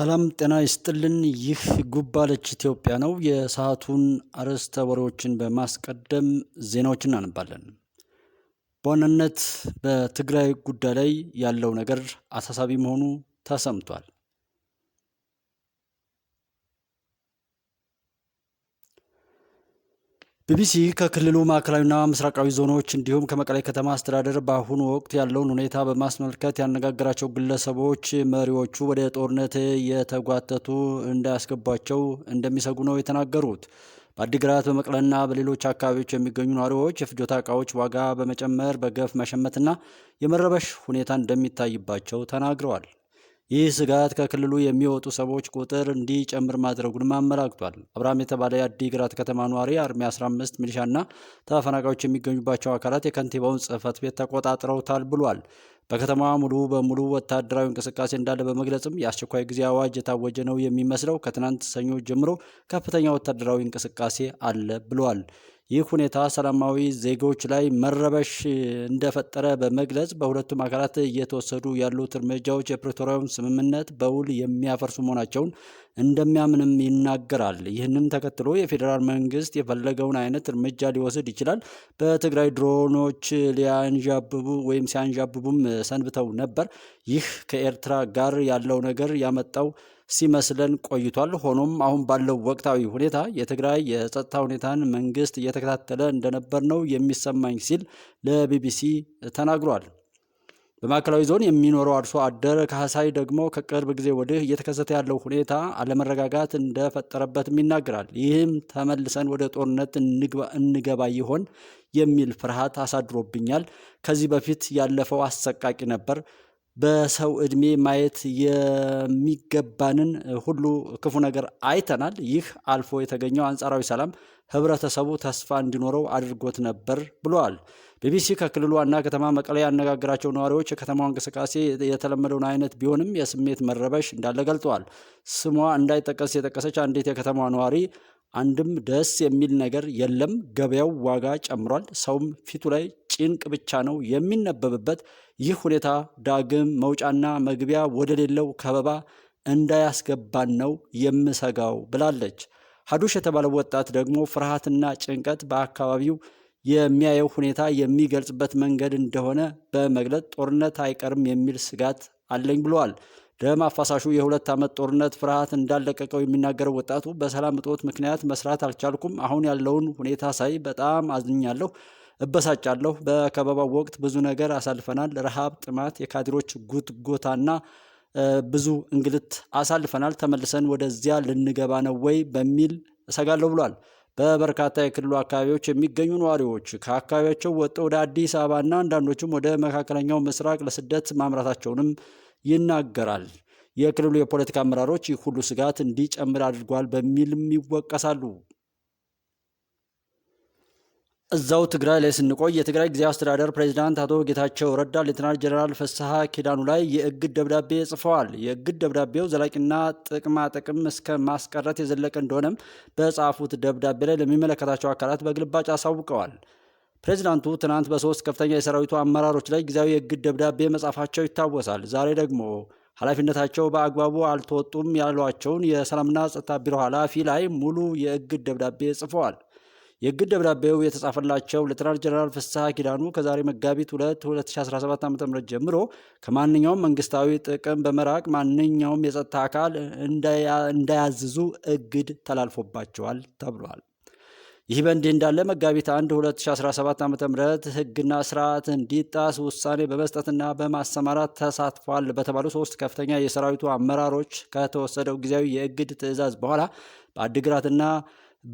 ሰላም ጤና ይስጥልን። ይህ ጉባለች ኢትዮጵያ ነው። የሰዓቱን አርዕስተ ወሬዎችን በማስቀደም ዜናዎችን እናነባለን። በዋናነት በትግራይ ጉዳይ ላይ ያለው ነገር አሳሳቢ መሆኑ ተሰምቷል። ቢቢሲ ከክልሉ ማዕከላዊና ምስራቃዊ ዞኖች እንዲሁም ከመቀሌ ከተማ አስተዳደር በአሁኑ ወቅት ያለውን ሁኔታ በማስመልከት ያነጋገራቸው ግለሰቦች መሪዎቹ ወደ ጦርነት የተጓተቱ እንዳያስገቧቸው እንደሚሰጉ ነው የተናገሩት። በአዲግራት በመቅለና በሌሎች አካባቢዎች የሚገኙ ነዋሪዎች የፍጆታ እቃዎች ዋጋ በመጨመር በገፍ መሸመትና የመረበሽ ሁኔታ እንደሚታይባቸው ተናግረዋል። ይህ ስጋት ከክልሉ የሚወጡ ሰዎች ቁጥር እንዲጨምር ማድረጉንም አመላክቷል። አብርሃም የተባለ የአዲግራት ከተማ ነዋሪ አርሚ 15 ሚሊሻና ተፈናቃዮች የሚገኙባቸው አካላት የከንቲባውን ጽህፈት ቤት ተቆጣጥረውታል ብሏል። በከተማዋ ሙሉ በሙሉ ወታደራዊ እንቅስቃሴ እንዳለ በመግለጽም የአስቸኳይ ጊዜ አዋጅ የታወጀ ነው የሚመስለው። ከትናንት ሰኞ ጀምሮ ከፍተኛ ወታደራዊ እንቅስቃሴ አለ ብለዋል። ይህ ሁኔታ ሰላማዊ ዜጎች ላይ መረበሽ እንደፈጠረ በመግለጽ በሁለቱም አካላት እየተወሰዱ ያሉት እርምጃዎች የፕሪቶሪያውን ስምምነት በውል የሚያፈርሱ መሆናቸውን እንደሚያምንም ይናገራል። ይህንን ተከትሎ የፌዴራል መንግስት የፈለገውን አይነት እርምጃ ሊወስድ ይችላል። በትግራይ ድሮኖች ሊያንዣብቡ ወይም ሲያንዣብቡም ሰንብተው ነበር። ይህ ከኤርትራ ጋር ያለው ነገር ያመጣው ሲመስለን ቆይቷል። ሆኖም አሁን ባለው ወቅታዊ ሁኔታ የትግራይ የጸጥታ ሁኔታን መንግስት እየተከታተለ እንደነበር ነው የሚሰማኝ ሲል ለቢቢሲ ተናግሯል። በማዕከላዊ ዞን የሚኖረው አርሶ አደር ካህሳይ ደግሞ ከቅርብ ጊዜ ወዲህ እየተከሰተ ያለው ሁኔታ አለመረጋጋት እንደፈጠረበትም ይናገራል። ይህም ተመልሰን ወደ ጦርነት እንገባ ይሆን የሚል ፍርሃት አሳድሮብኛል። ከዚህ በፊት ያለፈው አሰቃቂ ነበር። በሰው እድሜ ማየት የሚገባንን ሁሉ ክፉ ነገር አይተናል። ይህ አልፎ የተገኘው አንጻራዊ ሰላም ህብረተሰቡ ተስፋ እንዲኖረው አድርጎት ነበር ብለዋል። ቢቢሲ ከክልሉ ዋና ከተማ መቀለ ያነጋገራቸው ነዋሪዎች የከተማዋ እንቅስቃሴ የተለመደውን አይነት ቢሆንም የስሜት መረበሽ እንዳለ ገልጠዋል። ስሟ እንዳይጠቀስ የጠቀሰች አንዲት የከተማዋ ነዋሪ አንድም ደስ የሚል ነገር የለም። ገበያው ዋጋ ጨምሯል። ሰውም ፊቱ ላይ ጭንቅ ብቻ ነው የሚነበብበት። ይህ ሁኔታ ዳግም መውጫና መግቢያ ወደሌለው ከበባ እንዳያስገባን ነው የምሰጋው ብላለች። ሀዱሽ የተባለው ወጣት ደግሞ ፍርሃትና ጭንቀት በአካባቢው የሚያየው ሁኔታ የሚገልጽበት መንገድ እንደሆነ በመግለጽ ጦርነት አይቀርም የሚል ስጋት አለኝ ብለዋል። ደም አፋሳሹ የሁለት ዓመት ጦርነት ፍርሃት እንዳለቀቀው የሚናገረው ወጣቱ በሰላም እጦት ምክንያት መስራት አልቻልኩም። አሁን ያለውን ሁኔታ ሳይ በጣም አዝኛለሁ፣ እበሳጫለሁ። በከበባው ወቅት ብዙ ነገር አሳልፈናል። ረሃብ፣ ጥማት፣ የካድሮች ጉትጎታና ብዙ እንግልት አሳልፈናል። ተመልሰን ወደዚያ ልንገባ ነው ወይ በሚል እሰጋለሁ ብሏል። በበርካታ የክልሉ አካባቢዎች የሚገኙ ነዋሪዎች ከአካባቢያቸው ወጥተው ወደ አዲስ አበባና አንዳንዶችም ወደ መካከለኛው ምስራቅ ለስደት ማምራታቸውንም ይናገራል። የክልሉ የፖለቲካ አመራሮች ይህ ሁሉ ስጋት እንዲጨምር አድርጓል በሚልም ይወቀሳሉ። እዛው ትግራይ ላይ ስንቆይ የትግራይ ጊዜያዊ አስተዳደር ፕሬዚዳንት አቶ ጌታቸው ረዳ ሌትናል ጀነራል ፍስሐ ኪዳኑ ላይ የእግድ ደብዳቤ ጽፈዋል። የእግድ ደብዳቤው ዘላቂና ጥቅማ ጥቅም እስከ ማስቀረት የዘለቀ እንደሆነም በጻፉት ደብዳቤ ላይ ለሚመለከታቸው አካላት በግልባጭ አሳውቀዋል። ፕሬዚዳንቱ ትናንት በሶስት ከፍተኛ የሰራዊቱ አመራሮች ላይ ጊዜያዊ የእግድ ደብዳቤ መጻፋቸው ይታወሳል። ዛሬ ደግሞ ኃላፊነታቸው በአግባቡ አልተወጡም ያሏቸውን የሰላምና ጸጥታ ቢሮ ኃላፊ ላይ ሙሉ የእግድ ደብዳቤ ጽፈዋል። የእግድ ደብዳቤው የተጻፈላቸው ሌተናል ጀነራል ፍስሐ ኪዳኑ ከዛሬ መጋቢት 2 2017 ዓ ም ጀምሮ ከማንኛውም መንግስታዊ ጥቅም በመራቅ ማንኛውም የጸጥታ አካል እንዳያዝዙ እግድ ተላልፎባቸዋል ተብሏል። ይህ በእንዲህ እንዳለ መጋቢት 1 2017 ዓ ም ህግና ስርዓት እንዲጣስ ውሳኔ በመስጠትና በማሰማራት ተሳትፏል በተባሉ ሶስት ከፍተኛ የሰራዊቱ አመራሮች ከተወሰደው ጊዜያዊ የእግድ ትዕዛዝ በኋላ በአዲግራትና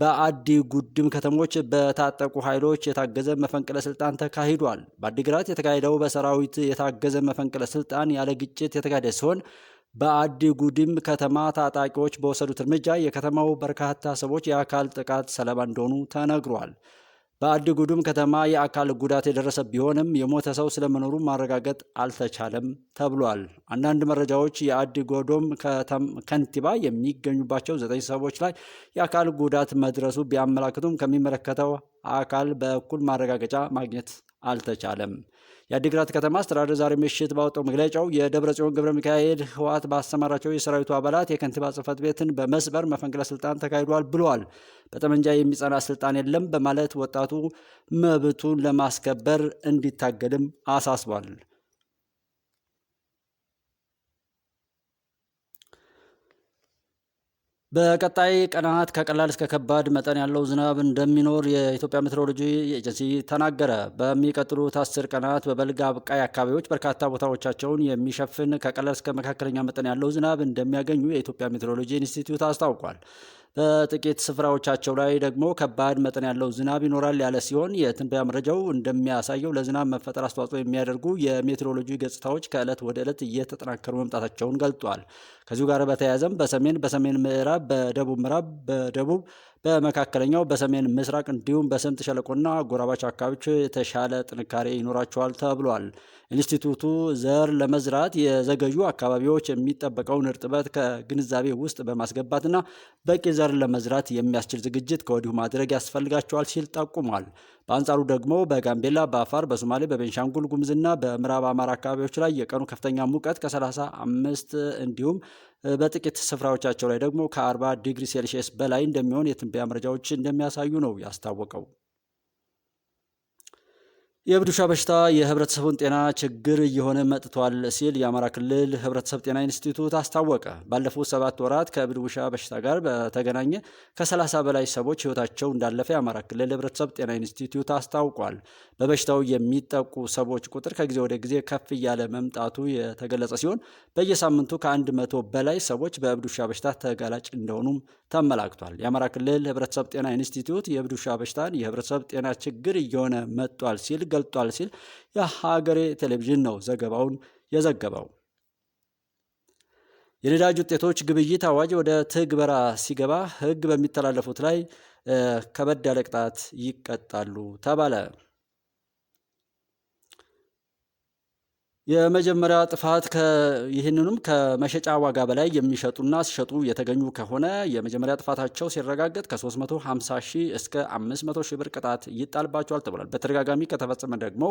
በአዲ ጉድም ከተሞች በታጠቁ ኃይሎች የታገዘ መፈንቅለ ስልጣን ተካሂዷል። በአዲግራት የተካሄደው በሰራዊት የታገዘ መፈንቅለ ስልጣን ያለ ግጭት የተካሄደ ሲሆን በአዲጉዲም ከተማ ታጣቂዎች በወሰዱት እርምጃ የከተማው በርካታ ሰዎች የአካል ጥቃት ሰለባ እንደሆኑ ተነግሯል። በአዲጉዱም ከተማ የአካል ጉዳት የደረሰ ቢሆንም የሞተ ሰው ስለመኖሩ ማረጋገጥ አልተቻለም ተብሏል። አንዳንድ መረጃዎች የአዲጎዶም ከንቲባ የሚገኙባቸው ዘጠኝ ሰዎች ላይ የአካል ጉዳት መድረሱ ቢያመላክቱም ከሚመለከተው አካል በኩል ማረጋገጫ ማግኘት አልተቻለም። የአዲግራት ከተማ አስተዳደር ዛሬ ምሽት ባወጣው መግለጫው የደብረ ጽዮን ገብረ ሚካኤል ህወሓት ባሰማራቸው የሰራዊቱ አባላት የከንቲባ ጽህፈት ቤትን በመስበር መፈንቅለ ስልጣን ተካሂዷል ብለዋል። በጠመንጃ የሚጸና ስልጣን የለም በማለት ወጣቱ መብቱን ለማስከበር እንዲታገልም አሳስቧል። በቀጣይ ቀናት ከቀላል እስከ ከባድ መጠን ያለው ዝናብ እንደሚኖር የኢትዮጵያ ሜትሮሎጂ ኤጀንሲ ተናገረ። በሚቀጥሉት አስር ቀናት በበልግ አብቃይ አካባቢዎች በርካታ ቦታዎቻቸውን የሚሸፍን ከቀላል እስከ መካከለኛ መጠን ያለው ዝናብ እንደሚያገኙ የኢትዮጵያ ሜትሮሎጂ ኢንስቲትዩት አስታውቋል። በጥቂት ስፍራዎቻቸው ላይ ደግሞ ከባድ መጠን ያለው ዝናብ ይኖራል ያለ ሲሆን የትንበያ መረጃው እንደሚያሳየው ለዝናብ መፈጠር አስተዋጽኦ የሚያደርጉ የሜትሮሎጂ ገጽታዎች ከዕለት ወደ ዕለት እየተጠናከሩ መምጣታቸውን ገልጧል። ከዚሁ ጋር በተያያዘም በሰሜን በሰሜን ምዕራብ፣ በደቡብ ምዕራብ፣ በደቡብ በመካከለኛው በሰሜን ምስራቅ እንዲሁም በስምጥ ሸለቆና ጎራባች አካባቢዎች የተሻለ ጥንካሬ ይኖራቸዋል ተብሏል። ኢንስቲቱቱ ዘር ለመዝራት የዘገዩ አካባቢዎች የሚጠበቀውን እርጥበት ከግንዛቤ ውስጥ በማስገባትና በቂ ዘር ለመዝራት የሚያስችል ዝግጅት ከወዲሁ ማድረግ ያስፈልጋቸዋል ሲል ጠቁሟል። በአንጻሩ ደግሞ በጋምቤላ፣ በአፋር፣ በሶማሌ፣ በቤንሻንጉል ጉምዝና በምዕራብ አማራ አካባቢዎች ላይ የቀኑ ከፍተኛ ሙቀት ከ35 እንዲሁም በጥቂት ስፍራዎቻቸው ላይ ደግሞ ከ40 ዲግሪ ሴልሺየስ በላይ እንደሚሆን የትንበያ መረጃዎች እንደሚያሳዩ ነው ያስታወቀው። የእብድ ውሻ በሽታ የህብረተሰቡን ጤና ችግር እየሆነ መጥቷል ሲል የአማራ ክልል ህብረተሰብ ጤና ኢንስቲትዩት አስታወቀ። ባለፉት ሰባት ወራት ከእብድ ውሻ በሽታ ጋር በተገናኘ ከ30 በላይ ሰዎች ህይወታቸው እንዳለፈ የአማራ ክልል ህብረተሰብ ጤና ኢንስቲትዩት አስታውቋል። በበሽታው የሚጠቁ ሰዎች ቁጥር ከጊዜ ወደ ጊዜ ከፍ እያለ መምጣቱ የተገለጸ ሲሆን በየሳምንቱ ከአንድ መቶ በላይ ሰዎች በእብድ ውሻ በሽታ ተጋላጭ እንደሆኑም ተመላክቷል። የአማራ ክልል ህብረተሰብ ጤና ኢንስቲትዩት የእብድ ውሻ በሽታን የህብረተሰብ ጤና ችግር እየሆነ መጥቷል ሲል ገልጧል ሲል የሀገሬ ቴሌቪዥን ነው ዘገባውን የዘገበው። የነዳጅ ውጤቶች ግብይት አዋጅ ወደ ትግበራ ሲገባ ሕግ በሚተላለፉት ላይ ከበድ ያለ ቅጣት ይቀጣሉ ተባለ። የመጀመሪያ ጥፋት ይህንንም ከመሸጫ ዋጋ በላይ የሚሸጡና ሲሸጡ የተገኙ ከሆነ የመጀመሪያ ጥፋታቸው ሲረጋገጥ ከ350 ሺህ እስከ 500 ሺህ ብር ቅጣት ይጣልባቸዋል ተብሏል። በተደጋጋሚ ከተፈጸመ ደግሞ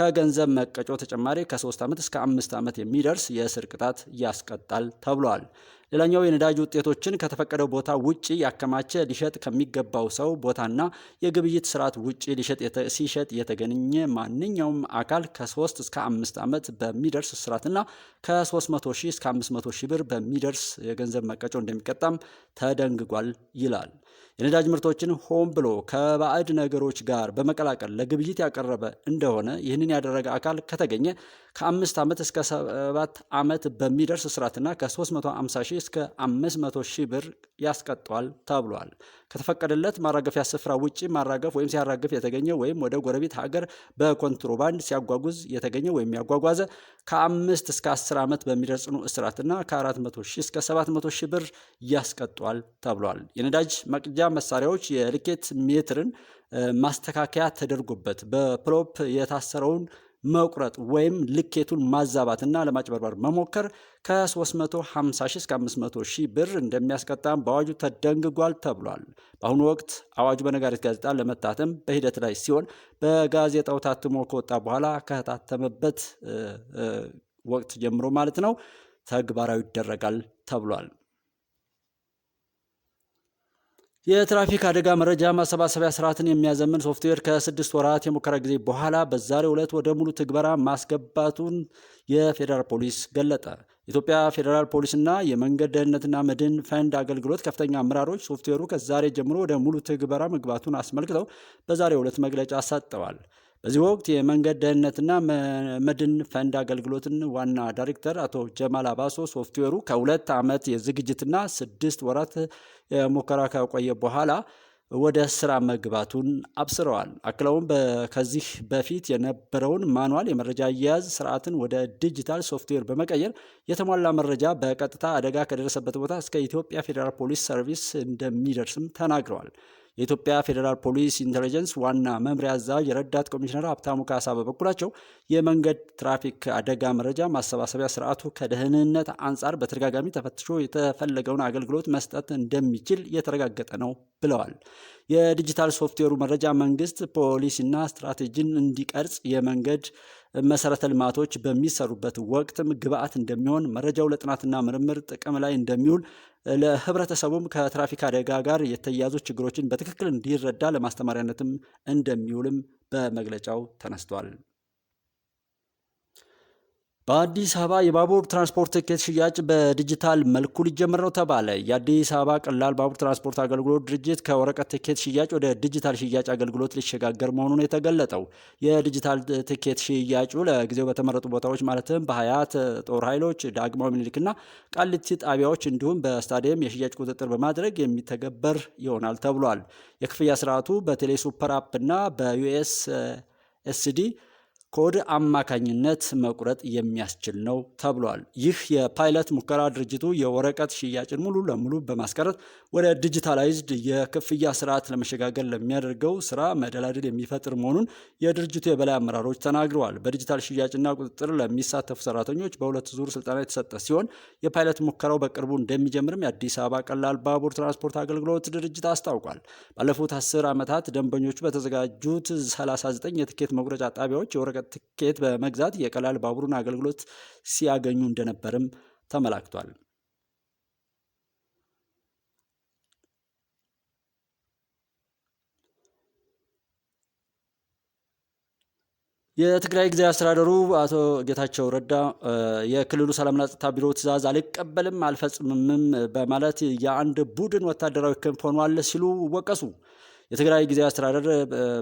ከገንዘብ መቀጮ ተጨማሪ ከ3 ዓመት እስከ 5 ዓመት የሚደርስ የእስር ቅጣት ያስቀጣል ተብሏል። ሌላኛው የነዳጅ ውጤቶችን ከተፈቀደው ቦታ ውጪ ያከማቸ ሊሸጥ ከሚገባው ሰው ቦታና የግብይት ስርዓት ውጪ ሲሸጥ የተገኘ ማንኛውም አካል ከ3 እስከ 5 ዓመት በሚደርስ እስራትና ከ300 ሺህ እስከ 500 ሺህ ብር በሚደርስ የገንዘብ መቀጮ እንደሚቀጣም ተደንግጓል ይላል። የነዳጅ ምርቶችን ሆን ብሎ ከባዕድ ነገሮች ጋር በመቀላቀል ለግብይት ያቀረበ እንደሆነ ይህንን ያደረገ አካል ከተገኘ ከአምስት ዓመት እስከ ሰባት ዓመት በሚደርስ እስራትና ከ350 ሺህ እስከ 500 ሺህ ብር ያስቀጧል ተብሏል። ከተፈቀደለት ማራገፊያ ስፍራ ውጪ ማራገፍ ወይም ሲያራገፍ የተገኘ ወይም ወደ ጎረቤት ሀገር በኮንትሮባንድ ሲያጓጉዝ የተገኘ ወይም ያጓጓዘ ከአምስት እስከ 10 ዓመት በሚደርስ ጽኑ እስራትና ከ400 ሺህ እስከ 700 ሺህ ብር ያስቀጧል ተብሏል። የነዳጅ መቅጃ መሳሪያዎች የልኬት ሜትርን ማስተካከያ ተደርጎበት በፕሎፕ የታሰረውን መቁረጥ ወይም ልኬቱን ማዛባትና ለማጭበርበር መሞከር ከ350 ሺህ እስከ 500 ሺህ ብር እንደሚያስቀጣም በአዋጁ ተደንግጓል ተብሏል። በአሁኑ ወቅት አዋጁ በነጋሪት ጋዜጣ ለመታተም በሂደት ላይ ሲሆን በጋዜጣው ታትሞ ከወጣ በኋላ ከታተመበት ወቅት ጀምሮ ማለት ነው ተግባራዊ ይደረጋል ተብሏል። የትራፊክ አደጋ መረጃ ማሰባሰቢያ ስርዓትን የሚያዘምን ሶፍትዌር ከስድስት ወራት የሙከራ ጊዜ በኋላ በዛሬው ዕለት ወደ ሙሉ ትግበራ ማስገባቱን የፌዴራል ፖሊስ ገለጠ። የኢትዮጵያ ፌዴራል ፖሊስና የመንገድ ደህንነትና መድን ፈንድ አገልግሎት ከፍተኛ አመራሮች ሶፍትዌሩ ከዛሬ ጀምሮ ወደ ሙሉ ትግበራ መግባቱን አስመልክተው በዛሬው ዕለት መግለጫ ሰጥተዋል። በዚህ ወቅት የመንገድ ደህንነትና መድን ፈንድ አገልግሎትን ዋና ዳይሬክተር አቶ ጀማል አባሶ ሶፍትዌሩ ከሁለት ዓመት የዝግጅትና ስድስት ወራት የሙከራ ከቆየ በኋላ ወደ ስራ መግባቱን አብስረዋል። አክለውም ከዚህ በፊት የነበረውን ማኑዋል የመረጃ አያያዝ ስርዓትን ወደ ዲጂታል ሶፍትዌር በመቀየር የተሟላ መረጃ በቀጥታ አደጋ ከደረሰበት ቦታ እስከ ኢትዮጵያ ፌዴራል ፖሊስ ሰርቪስ እንደሚደርስም ተናግረዋል። የኢትዮጵያ ፌዴራል ፖሊስ ኢንቴሊጀንስ ዋና መምሪያ አዛዥ ረዳት ኮሚሽነር ሀብታሙ ካሳ በበኩላቸው የመንገድ ትራፊክ አደጋ መረጃ ማሰባሰቢያ ስርዓቱ ከደህንነት አንጻር በተደጋጋሚ ተፈትሾ የተፈለገውን አገልግሎት መስጠት እንደሚችል የተረጋገጠ ነው ብለዋል። የዲጂታል ሶፍትዌሩ መረጃ መንግስት ፖሊሲና ስትራቴጂን እንዲቀርጽ የመንገድ መሰረተ ልማቶች በሚሰሩበት ወቅትም ግብአት እንደሚሆን መረጃው ለጥናትና ምርምር ጥቅም ላይ እንደሚውል ለህብረተሰቡም ከትራፊክ አደጋ ጋር የተያያዙ ችግሮችን በትክክል እንዲረዳ ለማስተማሪያነትም እንደሚውልም በመግለጫው ተነስቷል። በአዲስ አበባ የባቡር ትራንስፖርት ትኬት ሽያጭ በዲጂታል መልኩ ሊጀምር ነው ተባለ። የአዲስ አበባ ቀላል ባቡር ትራንስፖርት አገልግሎት ድርጅት ከወረቀት ትኬት ሽያጭ ወደ ዲጂታል ሽያጭ አገልግሎት ሊሸጋገር መሆኑን የተገለጠው የዲጂታል ትኬት ሽያጩ ለጊዜው በተመረጡ ቦታዎች ማለትም በሀያት ጦር ኃይሎች፣ ዳግማዊ ምኒልክና ቃሊቲ ጣቢያዎች እንዲሁም በስታዲየም የሽያጭ ቁጥጥር በማድረግ የሚተገበር ይሆናል ተብሏል። የክፍያ ስርዓቱ በቴሌ ሱፐር አፕ እና በዩኤስ ኤስዲ ከወደ አማካኝነት መቁረጥ የሚያስችል ነው ተብሏል። ይህ የፓይለት ሙከራ ድርጅቱ የወረቀት ሽያጭን ሙሉ ለሙሉ በማስቀረት ወደ ዲጂታላይዝድ የክፍያ ስርዓት ለመሸጋገር ለሚያደርገው ስራ መደላደል የሚፈጥር መሆኑን የድርጅቱ የበላይ አመራሮች ተናግረዋል። በዲጂታል ሽያጭና ቁጥጥር ለሚሳተፉ ሰራተኞች በሁለት ዙር ስልጠና የተሰጠ ሲሆን የፓይለት ሙከራው በቅርቡ እንደሚጀምርም የአዲስ አበባ ቀላል ባቡር ትራንስፖርት አገልግሎት ድርጅት አስታውቋል። ባለፉት አስር ዓመታት ደንበኞቹ በተዘጋጁት 39 የትኬት መቁረጫ ጣቢያዎች የወረቀት ትኬት በመግዛት የቀላል ባቡሩን አገልግሎት ሲያገኙ እንደነበርም ተመላክቷል። የትግራይ ጊዜ አስተዳደሩ አቶ ጌታቸው ረዳ የክልሉ ሰላምና ጸጥታ ቢሮ ትዕዛዝ አልቀበልም አልፈጽምምም በማለት የአንድ ቡድን ወታደራዊ ክንፍ ሆኗል ሲሉ ወቀሱ። የትግራይ ጊዜ አስተዳደር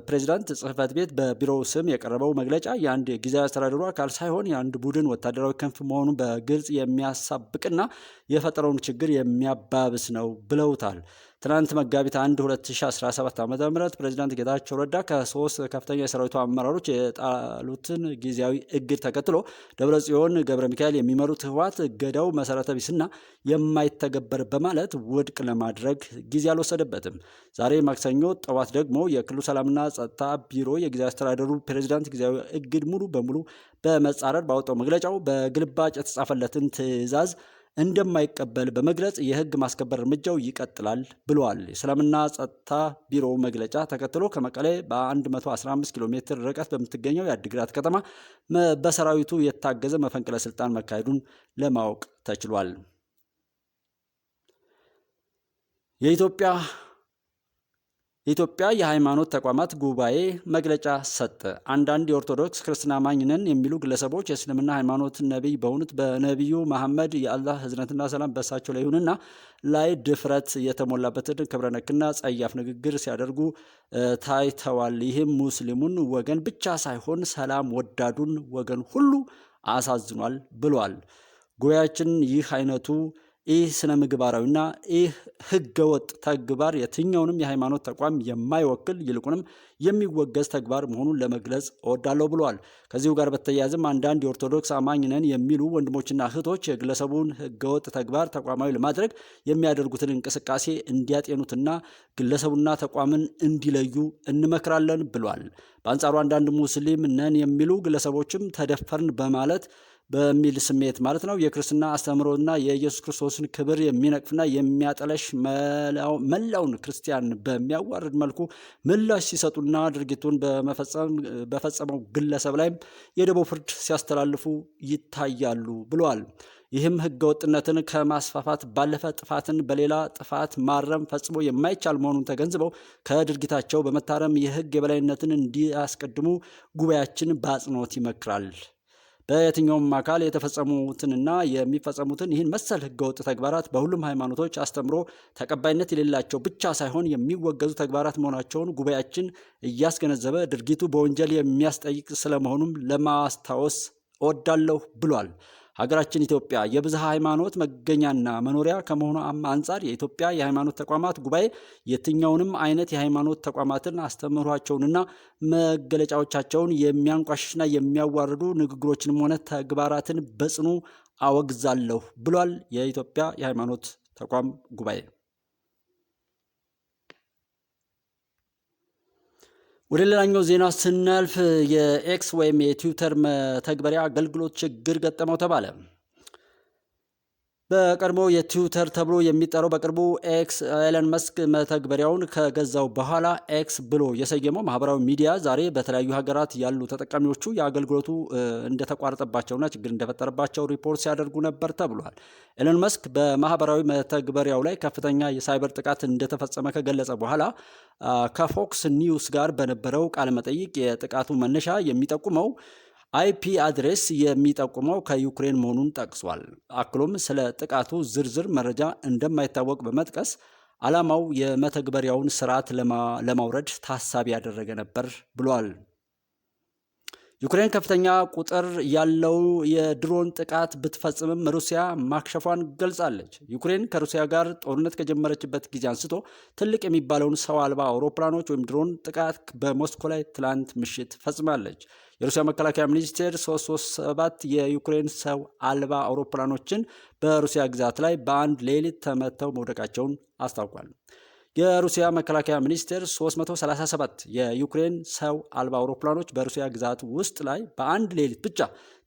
ፕሬዚዳንት ጽህፈት ቤት በቢሮው ስም የቀረበው መግለጫ የአንድ ጊዜ አስተዳደሩ አካል ሳይሆን የአንድ ቡድን ወታደራዊ ክንፍ መሆኑን በግልጽ የሚያሳብቅና የፈጠረውን ችግር የሚያባብስ ነው ብለውታል። ትናንት መጋቢት 1 2017 ዓ ም ፕሬዚዳንት ጌታቸው ረዳ ከሶስት ከፍተኛ የሰራዊቱ አመራሮች የጣሉትን ጊዜያዊ እግድ ተከትሎ ደብረ ጽዮን ገብረ ሚካኤል የሚመሩት ህወሓት እገዳው መሰረተ ቢስና የማይተገበር በማለት ውድቅ ለማድረግ ጊዜ አልወሰደበትም። ዛሬ ማክሰኞ ጠዋት ደግሞ የክልሉ ሰላምና ጸጥታ ቢሮ የጊዜ አስተዳደሩ ፕሬዚዳንት ጊዜያዊ እግድ ሙሉ በሙሉ በመጻረር ባወጣው መግለጫው በግልባጭ የተጻፈለትን ትዕዛዝ እንደማይቀበል በመግለጽ የህግ ማስከበር እርምጃው ይቀጥላል ብለዋል። የሰላምና ጸጥታ ቢሮ መግለጫ ተከትሎ ከመቀሌ በ115 ኪሎ ሜትር ርቀት በምትገኘው የአዲግራት ከተማ በሰራዊቱ የታገዘ መፈንቅለ ስልጣን መካሄዱን ለማወቅ ተችሏል። የኢትዮጵያ የኢትዮጵያ የሃይማኖት ተቋማት ጉባኤ መግለጫ ሰጠ። አንዳንድ የኦርቶዶክስ ክርስትና አማኝ ነን የሚሉ ግለሰቦች የእስልምና ሃይማኖት ነቢይ በሆኑት በነቢዩ መሐመድ የአላህ ህዝነትና ሰላም በሳቸው ላይ ይሁንና ላይ ድፍረት የተሞላበትን ክብረነክና ጸያፍ ንግግር ሲያደርጉ ታይተዋል። ይህም ሙስሊሙን ወገን ብቻ ሳይሆን ሰላም ወዳዱን ወገን ሁሉ አሳዝኗል ብሏል። ጉባኤያችን ይህ አይነቱ ይህ ስነ ምግባራዊና ይህ ህገወጥ ተግባር የትኛውንም የሃይማኖት ተቋም የማይወክል ይልቁንም የሚወገዝ ተግባር መሆኑን ለመግለጽ እወዳለሁ ብለዋል። ከዚሁ ጋር በተያያዘም አንዳንድ የኦርቶዶክስ አማኝ ነን የሚሉ ወንድሞችና እህቶች የግለሰቡን ህገወጥ ተግባር ተቋማዊ ለማድረግ የሚያደርጉትን እንቅስቃሴ እንዲያጤኑትና ግለሰቡና ተቋምን እንዲለዩ እንመክራለን ብሏል። በአንጻሩ አንዳንድ ሙስሊም ነን የሚሉ ግለሰቦችም ተደፈርን በማለት በሚል ስሜት ማለት ነው የክርስትና አስተምሮና የኢየሱስ ክርስቶስን ክብር የሚነቅፍና የሚያጠለሽ መላውን ክርስቲያን በሚያዋርድ መልኩ ምላሽ ሲሰጡና ድርጊቱን በፈጸመው ግለሰብ ላይም የደቡብ ፍርድ ሲያስተላልፉ ይታያሉ ብለዋል። ይህም ህገ ወጥነትን ከማስፋፋት ባለፈ ጥፋትን በሌላ ጥፋት ማረም ፈጽሞ የማይቻል መሆኑን ተገንዝበው ከድርጊታቸው በመታረም የህግ የበላይነትን እንዲያስቀድሙ ጉባኤያችን በአጽንኦት ይመክራል። በየትኛውም አካል የተፈጸሙትንና የሚፈጸሙትን ይህን መሰል ህገወጥ ተግባራት በሁሉም ሃይማኖቶች አስተምሮ ተቀባይነት የሌላቸው ብቻ ሳይሆን የሚወገዙ ተግባራት መሆናቸውን ጉባኤያችን እያስገነዘበ ድርጊቱ በወንጀል የሚያስጠይቅ ስለመሆኑም ለማስታወስ እወዳለሁ ብሏል። ሀገራችን ኢትዮጵያ የብዝሃ ሃይማኖት መገኛና መኖሪያ ከመሆኑ አንጻር የኢትዮጵያ የሃይማኖት ተቋማት ጉባኤ የትኛውንም አይነት የሃይማኖት ተቋማትን አስተምህሯቸውንና መገለጫዎቻቸውን የሚያንቋሽሽና የሚያዋርዱ ንግግሮችንም ሆነ ተግባራትን በጽኑ አወግዛለሁ ብሏል። የኢትዮጵያ የሃይማኖት ተቋም ጉባኤ ወደ ሌላኛው ዜና ስናልፍ የኤክስ ወይም የትዊተር መተግበሪያ አገልግሎት ችግር ገጠመው ተባለ። በቀድሞ የትዊተር ተብሎ የሚጠራው በቅርቡ ኤክስ ኤለን መስክ መተግበሪያውን ከገዛው በኋላ ኤክስ ብሎ የሰየመው ማህበራዊ ሚዲያ ዛሬ በተለያዩ ሀገራት ያሉ ተጠቃሚዎቹ የአገልግሎቱ እንደተቋረጠባቸውና ችግር እንደፈጠረባቸው ሪፖርት ሲያደርጉ ነበር ተብሏል። ኤለን መስክ በማህበራዊ መተግበሪያው ላይ ከፍተኛ የሳይበር ጥቃት እንደተፈጸመ ከገለጸ በኋላ ከፎክስ ኒውስ ጋር በነበረው ቃለመጠይቅ የጥቃቱ መነሻ የሚጠቁመው አይፒ አድሬስ የሚጠቁመው ከዩክሬን መሆኑን ጠቅሷል። አክሎም ስለ ጥቃቱ ዝርዝር መረጃ እንደማይታወቅ በመጥቀስ ዓላማው የመተግበሪያውን ስርዓት ለማውረድ ታሳቢ ያደረገ ነበር ብሏል። ዩክሬን ከፍተኛ ቁጥር ያለው የድሮን ጥቃት ብትፈጽምም ሩሲያ ማክሸፏን ገልጻለች። ዩክሬን ከሩሲያ ጋር ጦርነት ከጀመረችበት ጊዜ አንስቶ ትልቅ የሚባለውን ሰው አልባ አውሮፕላኖች ወይም ድሮን ጥቃት በሞስኮ ላይ ትላንት ምሽት ፈጽማለች። የሩሲያ መከላከያ ሚኒስቴር 337 የዩክሬን ሰው አልባ አውሮፕላኖችን በሩሲያ ግዛት ላይ በአንድ ሌሊት ተመተው መውደቃቸውን አስታውቋል። የሩሲያ መከላከያ ሚኒስቴር 337 የዩክሬን ሰው አልባ አውሮፕላኖች በሩሲያ ግዛት ውስጥ ላይ በአንድ ሌሊት ብቻ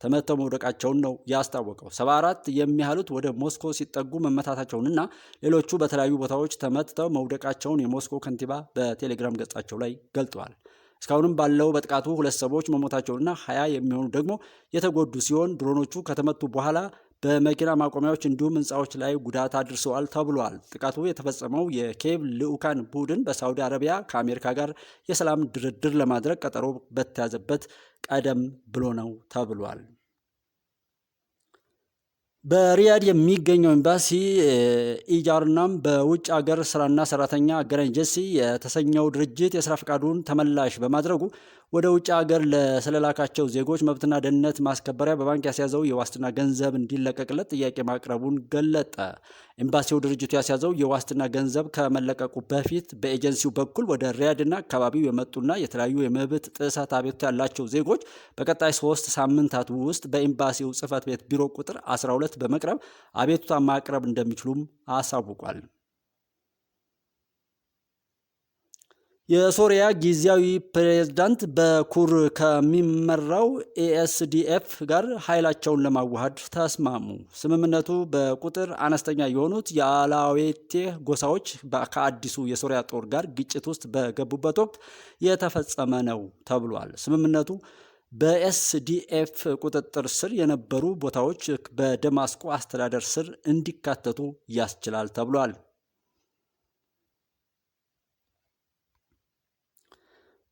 ተመተው መውደቃቸውን ነው ያስታወቀው። 74 የሚያህሉት ወደ ሞስኮ ሲጠጉ መመታታቸውንና ሌሎቹ በተለያዩ ቦታዎች ተመትተው መውደቃቸውን የሞስኮ ከንቲባ በቴሌግራም ገጻቸው ላይ ገልጠዋል። እስካሁንም ባለው በጥቃቱ ሁለት ሰዎች መሞታቸውንና ሀያ የሚሆኑ ደግሞ የተጎዱ ሲሆን ድሮኖቹ ከተመቱ በኋላ በመኪና ማቆሚያዎች እንዲሁም ህንፃዎች ላይ ጉዳት አድርሰዋል ተብሏል። ጥቃቱ የተፈጸመው የኬቭ ልዑካን ቡድን በሳውዲ አረቢያ ከአሜሪካ ጋር የሰላም ድርድር ለማድረግ ቀጠሮ በተያዘበት ቀደም ብሎ ነው ተብሏል። በሪያድ የሚገኘው ኤምባሲ ኢጃርናም በውጭ ሀገር ስራና ሰራተኛ አገናኝ ኤጀንሲ የተሰኘው ድርጅት የስራ ፈቃዱን ተመላሽ በማድረጉ ወደ ውጭ ሀገር ስለላካቸው ዜጎች መብትና ደህንነት ማስከበሪያ በባንክ ያስያዘው የዋስትና ገንዘብ እንዲለቀቅለት ጥያቄ ማቅረቡን ገለጠ። ኤምባሲው ድርጅቱ ያስያዘው የዋስትና ገንዘብ ከመለቀቁ በፊት በኤጀንሲው በኩል ወደ ሪያድና አካባቢው የመጡና የተለያዩ የመብት ጥሰት አቤቱ ያላቸው ዜጎች በቀጣይ ሶስት ሳምንታት ውስጥ በኤምባሲው ጽህፈት ቤት ቢሮ ቁጥር 12 በመቅረብ አቤቱታ ማቅረብ እንደሚችሉም አሳውቋል። የሶሪያ ጊዜያዊ ፕሬዝዳንት በኩር ከሚመራው ኤስዲኤፍ ጋር ኃይላቸውን ለማዋሃድ ተስማሙ። ስምምነቱ በቁጥር አነስተኛ የሆኑት የአላዌቴ ጎሳዎች ከአዲሱ የሶሪያ ጦር ጋር ግጭት ውስጥ በገቡበት ወቅት የተፈጸመ ነው ተብሏል። ስምምነቱ በኤስዲኤፍ ቁጥጥር ስር የነበሩ ቦታዎች በደማስቆ አስተዳደር ስር እንዲካተቱ ያስችላል ተብሏል።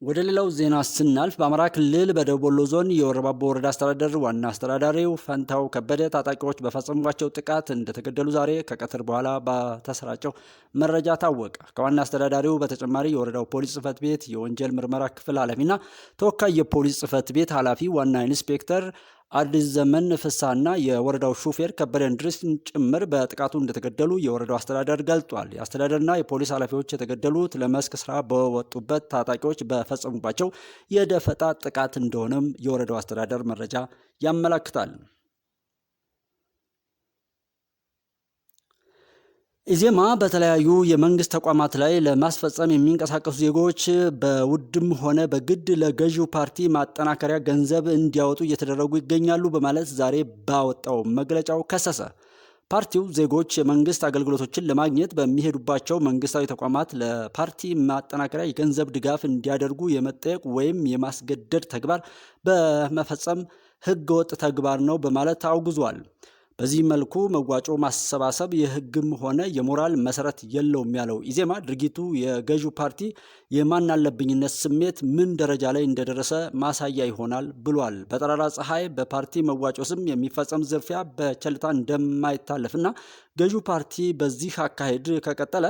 ወደ ሌላው ዜና ስናልፍ በአማራ ክልል በደቡብ ወሎ ዞን የወረባቦ ወረዳ አስተዳደር ዋና አስተዳዳሪው ፈንታው ከበደ ታጣቂዎች በፈጸሟቸው ጥቃት እንደተገደሉ ዛሬ ከቀትር በኋላ በተሰራጨው መረጃ ታወቀ። ከዋና አስተዳዳሪው በተጨማሪ የወረዳው ፖሊስ ጽፈት ቤት የወንጀል ምርመራ ክፍል ኃላፊና ተወካይ የፖሊስ ጽፈት ቤት ኃላፊ ዋና ኢንስፔክተር አዲስ ዘመን ፍሳና የወረዳው ሹፌር ከበደ እንድሪስን ጭምር በጥቃቱ እንደተገደሉ የወረዳው አስተዳደር ገልጧል። የአስተዳደርና የፖሊስ ኃላፊዎች የተገደሉት ለመስክ ስራ በወጡበት ታጣቂዎች በፈጸሙባቸው የደፈጣ ጥቃት እንደሆነም የወረዳው አስተዳደር መረጃ ያመላክታል። ኢዜማ በተለያዩ የመንግስት ተቋማት ላይ ለማስፈጸም የሚንቀሳቀሱ ዜጎች በውድም ሆነ በግድ ለገዢው ፓርቲ ማጠናከሪያ ገንዘብ እንዲያወጡ እየተደረጉ ይገኛሉ በማለት ዛሬ ባወጣው መግለጫው ከሰሰ። ፓርቲው ዜጎች የመንግስት አገልግሎቶችን ለማግኘት በሚሄዱባቸው መንግስታዊ ተቋማት ለፓርቲ ማጠናከሪያ የገንዘብ ድጋፍ እንዲያደርጉ የመጠየቅ ወይም የማስገደድ ተግባር በመፈጸም ህገወጥ ተግባር ነው በማለት አውግዟል። በዚህ መልኩ መዋጮ ማሰባሰብ የሕግም ሆነ የሞራል መሰረት የለውም ያለው ኢዜማ ድርጊቱ የገዢው ፓርቲ የማናለብኝነት ስሜት ምን ደረጃ ላይ እንደደረሰ ማሳያ ይሆናል ብሏል። በጠራራ ፀሐይ በፓርቲ መዋጮ ስም የሚፈጸም ዝርፊያ በቸልታ እንደማይታለፍና ገዢው ፓርቲ በዚህ አካሄድ ከቀጠለ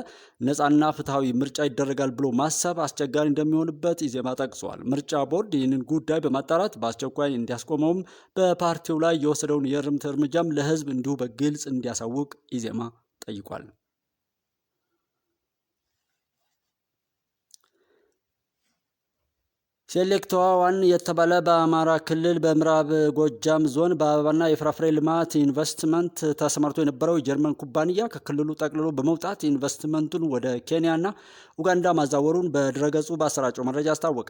ነፃና ፍትሐዊ ምርጫ ይደረጋል ብሎ ማሰብ አስቸጋሪ እንደሚሆንበት ኢዜማ ጠቅሷል። ምርጫ ቦርድ ይህንን ጉዳይ በማጣራት በአስቸኳይ እንዲያስቆመውም በፓርቲው ላይ የወሰደውን የእርምት እርምጃም ለህ ለህዝብ እንዲሁ በግልጽ እንዲያሳውቅ ኢዜማ ጠይቋል። ዋን የተባለ በአማራ ክልል በምዕራብ ጎጃም ዞን በአበባና የፍራፍሬ ልማት ኢንቨስትመንት ተሰማርቶ የነበረው የጀርመን ኩባንያ ከክልሉ ጠቅልሎ በመውጣት ኢንቨስትመንቱን ወደ ኬንያና ኡጋንዳ ማዛወሩን በድረገጹ በአሰራጨው መረጃ አስታወቀ።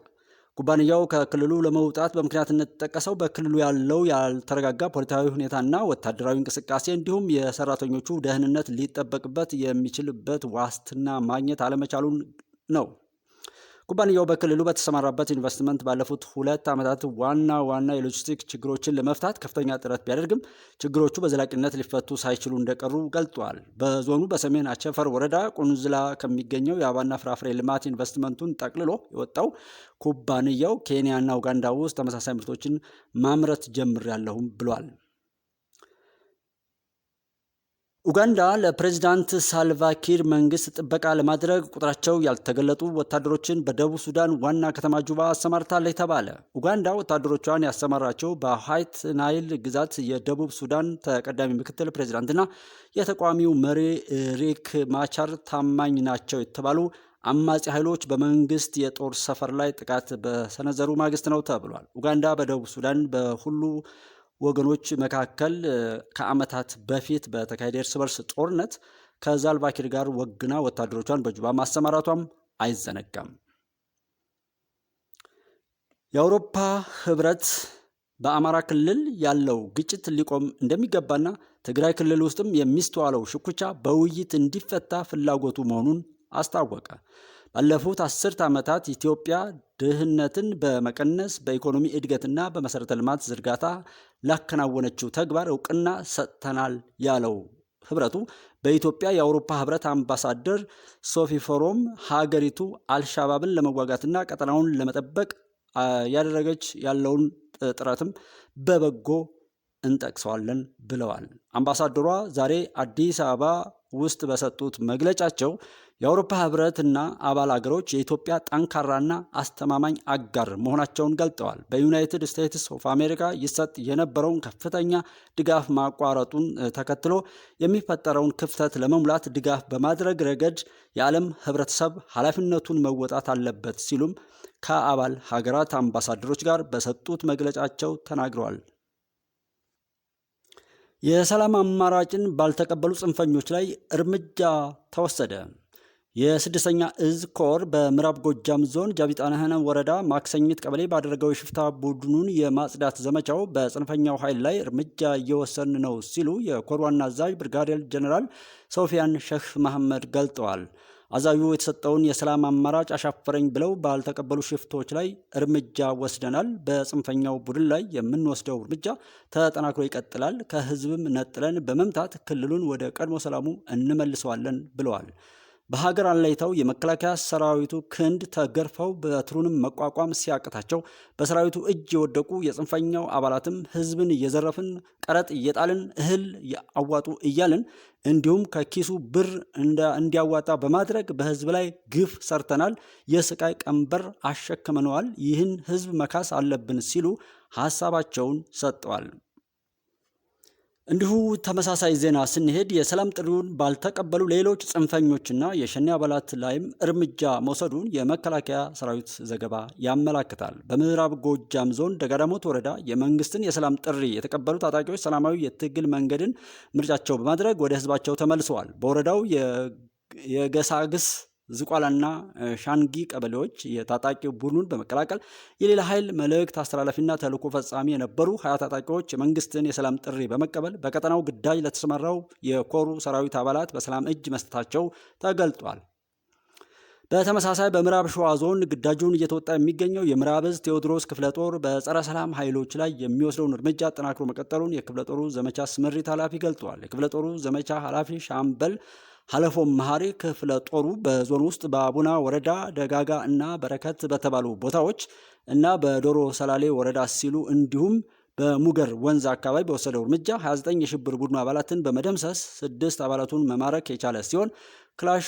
ኩባንያው ከክልሉ ለመውጣት በምክንያትነት የተጠቀሰው በክልሉ ያለው ያልተረጋጋ ፖለቲካዊ ሁኔታና ወታደራዊ እንቅስቃሴ እንዲሁም የሰራተኞቹ ደህንነት ሊጠበቅበት የሚችልበት ዋስትና ማግኘት አለመቻሉን ነው። ኩባንያው በክልሉ በተሰማራበት ኢንቨስትመንት ባለፉት ሁለት ዓመታት ዋና ዋና የሎጂስቲክ ችግሮችን ለመፍታት ከፍተኛ ጥረት ቢያደርግም ችግሮቹ በዘላቂነት ሊፈቱ ሳይችሉ እንደቀሩ ገልጧል። በዞኑ በሰሜን አቸፈር ወረዳ ቁንዝላ ከሚገኘው የአበባና ፍራፍሬ ልማት ኢንቨስትመንቱን ጠቅልሎ የወጣው ኩባንያው ኬንያና ኡጋንዳ ውስጥ ተመሳሳይ ምርቶችን ማምረት ጀምሬያለሁም ብሏል። ኡጋንዳ ለፕሬዚዳንት ሳልቫኪር መንግስት ጥበቃ ለማድረግ ቁጥራቸው ያልተገለጡ ወታደሮችን በደቡብ ሱዳን ዋና ከተማ ጁባ አሰማርታለች ተባለ። ኡጋንዳ ወታደሮቿን ያሰማራቸው በኋይት ናይል ግዛት የደቡብ ሱዳን ተቀዳሚ ምክትል ፕሬዚዳንትና የተቃዋሚው መሪ ሪክ ማቻር ታማኝ ናቸው የተባሉ አማጺ ኃይሎች በመንግስት የጦር ሰፈር ላይ ጥቃት በሰነዘሩ ማግስት ነው ተብሏል። ኡጋንዳ በደቡብ ሱዳን በሁሉ ወገኖች መካከል ከዓመታት በፊት በተካሄደ እርስ በርስ ጦርነት ከዛልቫኪር ጋር ወግና ወታደሮቿን በጁባ ማሰማራቷም አይዘነጋም። የአውሮፓ ህብረት በአማራ ክልል ያለው ግጭት ሊቆም እንደሚገባና ትግራይ ክልል ውስጥም የሚስተዋለው ሽኩቻ በውይይት እንዲፈታ ፍላጎቱ መሆኑን አስታወቀ። ባለፉት አስርት ዓመታት ኢትዮጵያ ድህነትን በመቀነስ በኢኮኖሚ እድገትና በመሰረተ ልማት ዝርጋታ ላከናወነችው ተግባር እውቅና ሰጥተናል ያለው ህብረቱ በኢትዮጵያ የአውሮፓ ህብረት አምባሳደር ሶፊ ፎሮም ሀገሪቱ አልሻባብን ለመዋጋትና ቀጠናውን ለመጠበቅ ያደረገች ያለውን ጥረትም በበጎ እንጠቅሰዋለን ብለዋል። አምባሳደሯ ዛሬ አዲስ አበባ ውስጥ በሰጡት መግለጫቸው የአውሮፓ ህብረትና አባል አገሮች የኢትዮጵያ ጠንካራና አስተማማኝ አጋር መሆናቸውን ገልጠዋል። በዩናይትድ ስቴትስ ኦፍ አሜሪካ ይሰጥ የነበረውን ከፍተኛ ድጋፍ ማቋረጡን ተከትሎ የሚፈጠረውን ክፍተት ለመሙላት ድጋፍ በማድረግ ረገድ የዓለም ህብረተሰብ ኃላፊነቱን መወጣት አለበት ሲሉም ከአባል ሀገራት አምባሳደሮች ጋር በሰጡት መግለጫቸው ተናግረዋል። የሰላም አማራጭን ባልተቀበሉ ጽንፈኞች ላይ እርምጃ ተወሰደ። የስድስተኛ እዝ ኮር በምዕራብ ጎጃም ዞን ጃቢጣናህነ ወረዳ ማክሰኝት ቀበሌ ባደረገው የሽፍታ ቡድኑን የማጽዳት ዘመቻው በጽንፈኛው ኃይል ላይ እርምጃ እየወሰን ነው ሲሉ የኮር ዋና አዛዥ ብርጋዴር ጀነራል ሶፊያን ሼህ መሐመድ ገልጠዋል። አዛዡ የተሰጠውን የሰላም አማራጭ አሻፈረኝ ብለው ባልተቀበሉ ሽፍቶች ላይ እርምጃ ወስደናል። በጽንፈኛው ቡድን ላይ የምንወስደው እርምጃ ተጠናክሮ ይቀጥላል። ከህዝብም ነጥለን በመምታት ክልሉን ወደ ቀድሞ ሰላሙ እንመልሰዋለን ብለዋል። በሀገር አለይተው የመከላከያ ሰራዊቱ ክንድ ተገርፈው በትሩንም መቋቋም ሲያቅታቸው በሰራዊቱ እጅ የወደቁ የጽንፈኛው አባላትም ህዝብን እየዘረፍን ቀረጥ እየጣልን እህል አዋጡ እያልን እንዲሁም ከኪሱ ብር እንዲያዋጣ በማድረግ በህዝብ ላይ ግፍ ሰርተናል፣ የስቃይ ቀንበር አሸክመነዋል፣ ይህን ህዝብ መካስ አለብን ሲሉ ሀሳባቸውን ሰጠዋል። እንዲሁ ተመሳሳይ ዜና ስንሄድ የሰላም ጥሪውን ባልተቀበሉ ሌሎች ጽንፈኞችና የሸኔ አባላት ላይም እርምጃ መውሰዱን የመከላከያ ሰራዊት ዘገባ ያመላክታል። በምዕራብ ጎጃም ዞን ደጋዳሞት ወረዳ የመንግስትን የሰላም ጥሪ የተቀበሉ ታጣቂዎች ሰላማዊ የትግል መንገድን ምርጫቸው በማድረግ ወደ ህዝባቸው ተመልሰዋል። በወረዳው የገሳግስ ዝቋላና ሻንጊ ቀበሌዎች የታጣቂ ቡድኑን በመቀላቀል የሌላ ኃይል መልእክት አስተላላፊና ተልዕኮ ፈጻሚ የነበሩ ሀያ ታጣቂዎች የመንግስትን የሰላም ጥሪ በመቀበል በቀጠናው ግዳጅ ለተሰማራው የኮሩ ሰራዊት አባላት በሰላም እጅ መስጠታቸው ተገልጧል። በተመሳሳይ በምዕራብ ሸዋ ዞን ግዳጁን እየተወጣ የሚገኘው የምዕራብ እዝ ቴዎድሮስ ክፍለ ጦር በጸረ ሰላም ኃይሎች ላይ የሚወስደውን እርምጃ አጠናክሮ መቀጠሉን የክፍለ ጦሩ ዘመቻ ስምሪት ኃላፊ ገልጧል። የክፍለ ጦሩ ዘመቻ ኃላፊ ሻምበል ሀለፎም መሐሪ ክፍለ ጦሩ በዞን ውስጥ በአቡና ወረዳ ደጋጋ እና በረከት በተባሉ ቦታዎች እና በዶሮ ሰላሌ ወረዳ ሲሉ እንዲሁም በሙገር ወንዝ አካባቢ በወሰደው እርምጃ 29 የሽብር ቡድኑ አባላትን በመደምሰስ ስድስት አባላቱን መማረክ የቻለ ሲሆን ክላሽ፣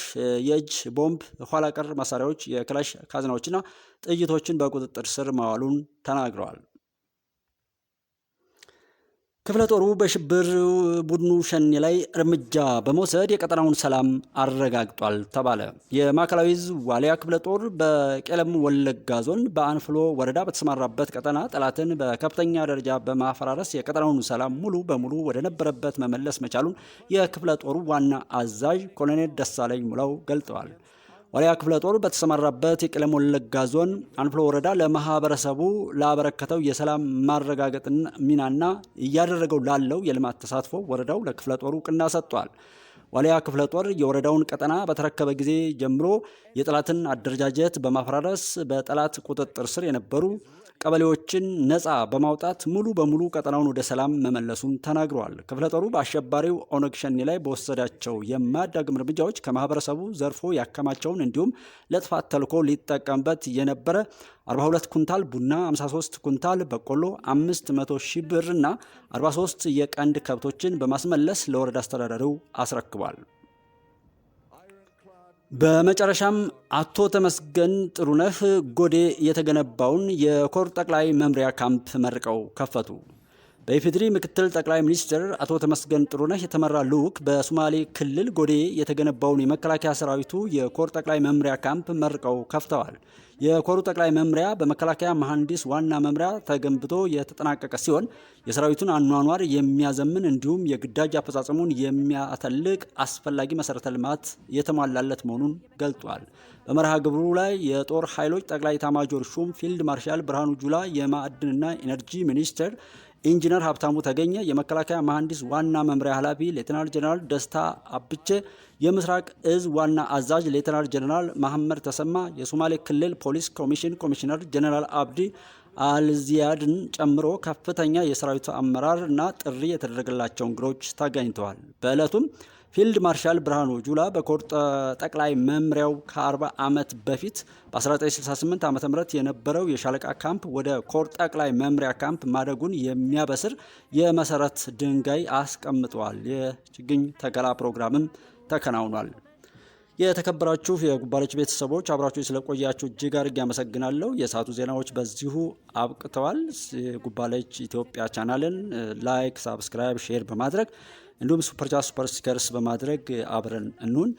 የእጅ ቦምብ፣ ኋላቀር መሳሪያዎች፣ የክላሽ ካዝናዎችና ጥይቶችን በቁጥጥር ስር መዋሉን ተናግረዋል። ክፍለ ጦሩ በሽብር ቡድኑ ሸኔ ላይ እርምጃ በመውሰድ የቀጠናውን ሰላም አረጋግጧል ተባለ። የማዕከላዊ ዕዝ ዋሊያ ክፍለ ጦር በቄለም ወለጋ ዞን በአንፍሎ ወረዳ በተሰማራበት ቀጠና ጠላትን በከፍተኛ ደረጃ በማፈራረስ የቀጠናውን ሰላም ሙሉ በሙሉ ወደ ነበረበት መመለስ መቻሉን የክፍለ ጦሩ ዋና አዛዥ ኮሎኔል ደሳለኝ ሙላው ገልጠዋል። ወልያ ክፍለ ጦር በተሰማራበት የቄለም ወለጋ ዞን አንፍሎ ወረዳ ለማህበረሰቡ ላበረከተው የሰላም ማረጋገጥ ሚናና እያደረገው ላለው የልማት ተሳትፎ ወረዳው ለክፍለ ጦሩ እውቅና ሰጥቷል። ወልያ ክፍለ ጦር የወረዳውን ቀጠና በተረከበ ጊዜ ጀምሮ የጠላትን አደረጃጀት በማፈራረስ በጠላት ቁጥጥር ስር የነበሩ ቀበሌዎችን ነፃ በማውጣት ሙሉ በሙሉ ቀጠናውን ወደ ሰላም መመለሱን ተናግረዋል። ክፍለ ጦሩ በአሸባሪው ኦነግ ሸኔ ላይ በወሰዳቸው የማያዳግም እርምጃዎች ከማህበረሰቡ ዘርፎ ያከማቸውን እንዲሁም ለጥፋት ተልኮ ሊጠቀምበት የነበረ 42 ኩንታል ቡና፣ 53 ኩንታል በቆሎ፣ 500 ሺህ ብር እና 43 የቀንድ ከብቶችን በማስመለስ ለወረዳ አስተዳደሪው አስረክቧል። በመጨረሻም አቶ ተመስገን ጥሩነህ ጎዴ የተገነባውን የኮር ጠቅላይ መምሪያ ካምፕ መርቀው ከፈቱ። በኢፌድሪ ምክትል ጠቅላይ ሚኒስትር አቶ ተመስገን ጥሩነህ የተመራ ልዑክ በሶማሌ ክልል ጎዴ የተገነባውን የመከላከያ ሰራዊቱ የኮር ጠቅላይ መምሪያ ካምፕ መርቀው ከፍተዋል። የኮሩ ጠቅላይ መምሪያ በመከላከያ መሐንዲስ ዋና መምሪያ ተገንብቶ የተጠናቀቀ ሲሆን የሰራዊቱን አኗኗር የሚያዘምን እንዲሁም የግዳጅ አፈጻጸሙን የሚያተልቅ አስፈላጊ መሰረተ ልማት የተሟላለት መሆኑን ገልጧል። በመርሃ ግብሩ ላይ የጦር ኃይሎች ጠቅላይ ኤታማዦር ሹም ፊልድ ማርሻል ብርሃኑ ጁላ፣ የማዕድንና ኢነርጂ ሚኒስትር ኢንጂነር ሀብታሙ ተገኘ፣ የመከላከያ መሐንዲስ ዋና መምሪያ ኃላፊ ሌተናል ጀነራል ደስታ አብቼ፣ የምስራቅ እዝ ዋና አዛዥ ሌተናል ጀነራል መሐመድ ተሰማ፣ የሶማሌ ክልል ፖሊስ ኮሚሽን ኮሚሽነር ጀነራል አብዲ አልዚያድን ጨምሮ ከፍተኛ የሰራዊቱ አመራር እና ጥሪ የተደረገላቸው እንግዶች ተገኝተዋል። በዕለቱም ፊልድ ማርሻል ብርሃኑ ጁላ በኮር ጠቅላይ መምሪያው ከ40 ዓመት በፊት በ1968 ዓ ም የነበረው የሻለቃ ካምፕ ወደ ኮር ጠቅላይ መምሪያ ካምፕ ማደጉን የሚያበስር የመሰረት ድንጋይ አስቀምጠዋል። የችግኝ ተከላ ፕሮግራምም ተከናውኗል። የተከበራችሁ የጉባለች ቤተሰቦች አብራችሁ ስለቆያችሁ እጅግ አድርጌ አመሰግናለሁ። የሰዓቱ ዜናዎች በዚሁ አብቅተዋል። ጉባለች ኢትዮጵያ ቻናልን ላይክ፣ ሳብስክራይብ፣ ሼር በማድረግ እንዲሁም ሱፐርቻ ሱፐር ስቲከርስ በማድረግ አብረን እንሁን።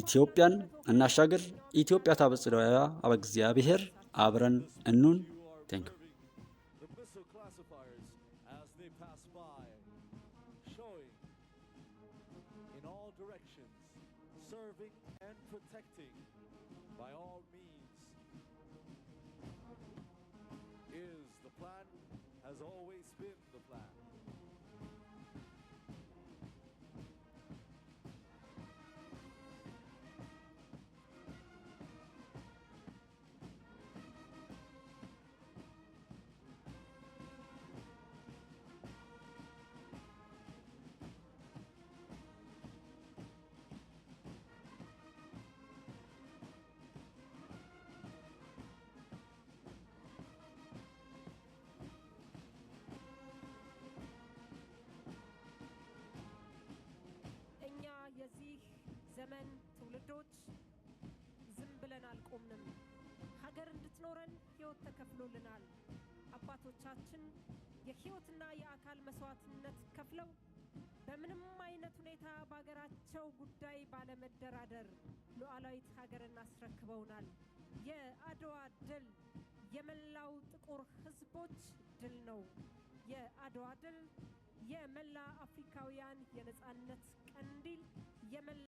ኢትዮጵያን እናሻገር ኢትዮጵያ ታበጽሕ እግዚአብሔር። አብረን እንሁን። ዘመን ትውልዶች ዝም ብለን አልቆምንም። ሀገር እንድትኖረን ሕይወት ተከፍሎልናል። አባቶቻችን የሕይወትና የአካል መሥዋዕትነት ከፍለው በምንም አይነት ሁኔታ በሀገራቸው ጉዳይ ባለመደራደር ሉዓላዊት ሀገርን አስረክበውናል። የአድዋ ድል የመላው ጥቁር ሕዝቦች ድል ነው። የአድዋ ድል የመላ አፍሪካውያን የነፃነት ቀንዲል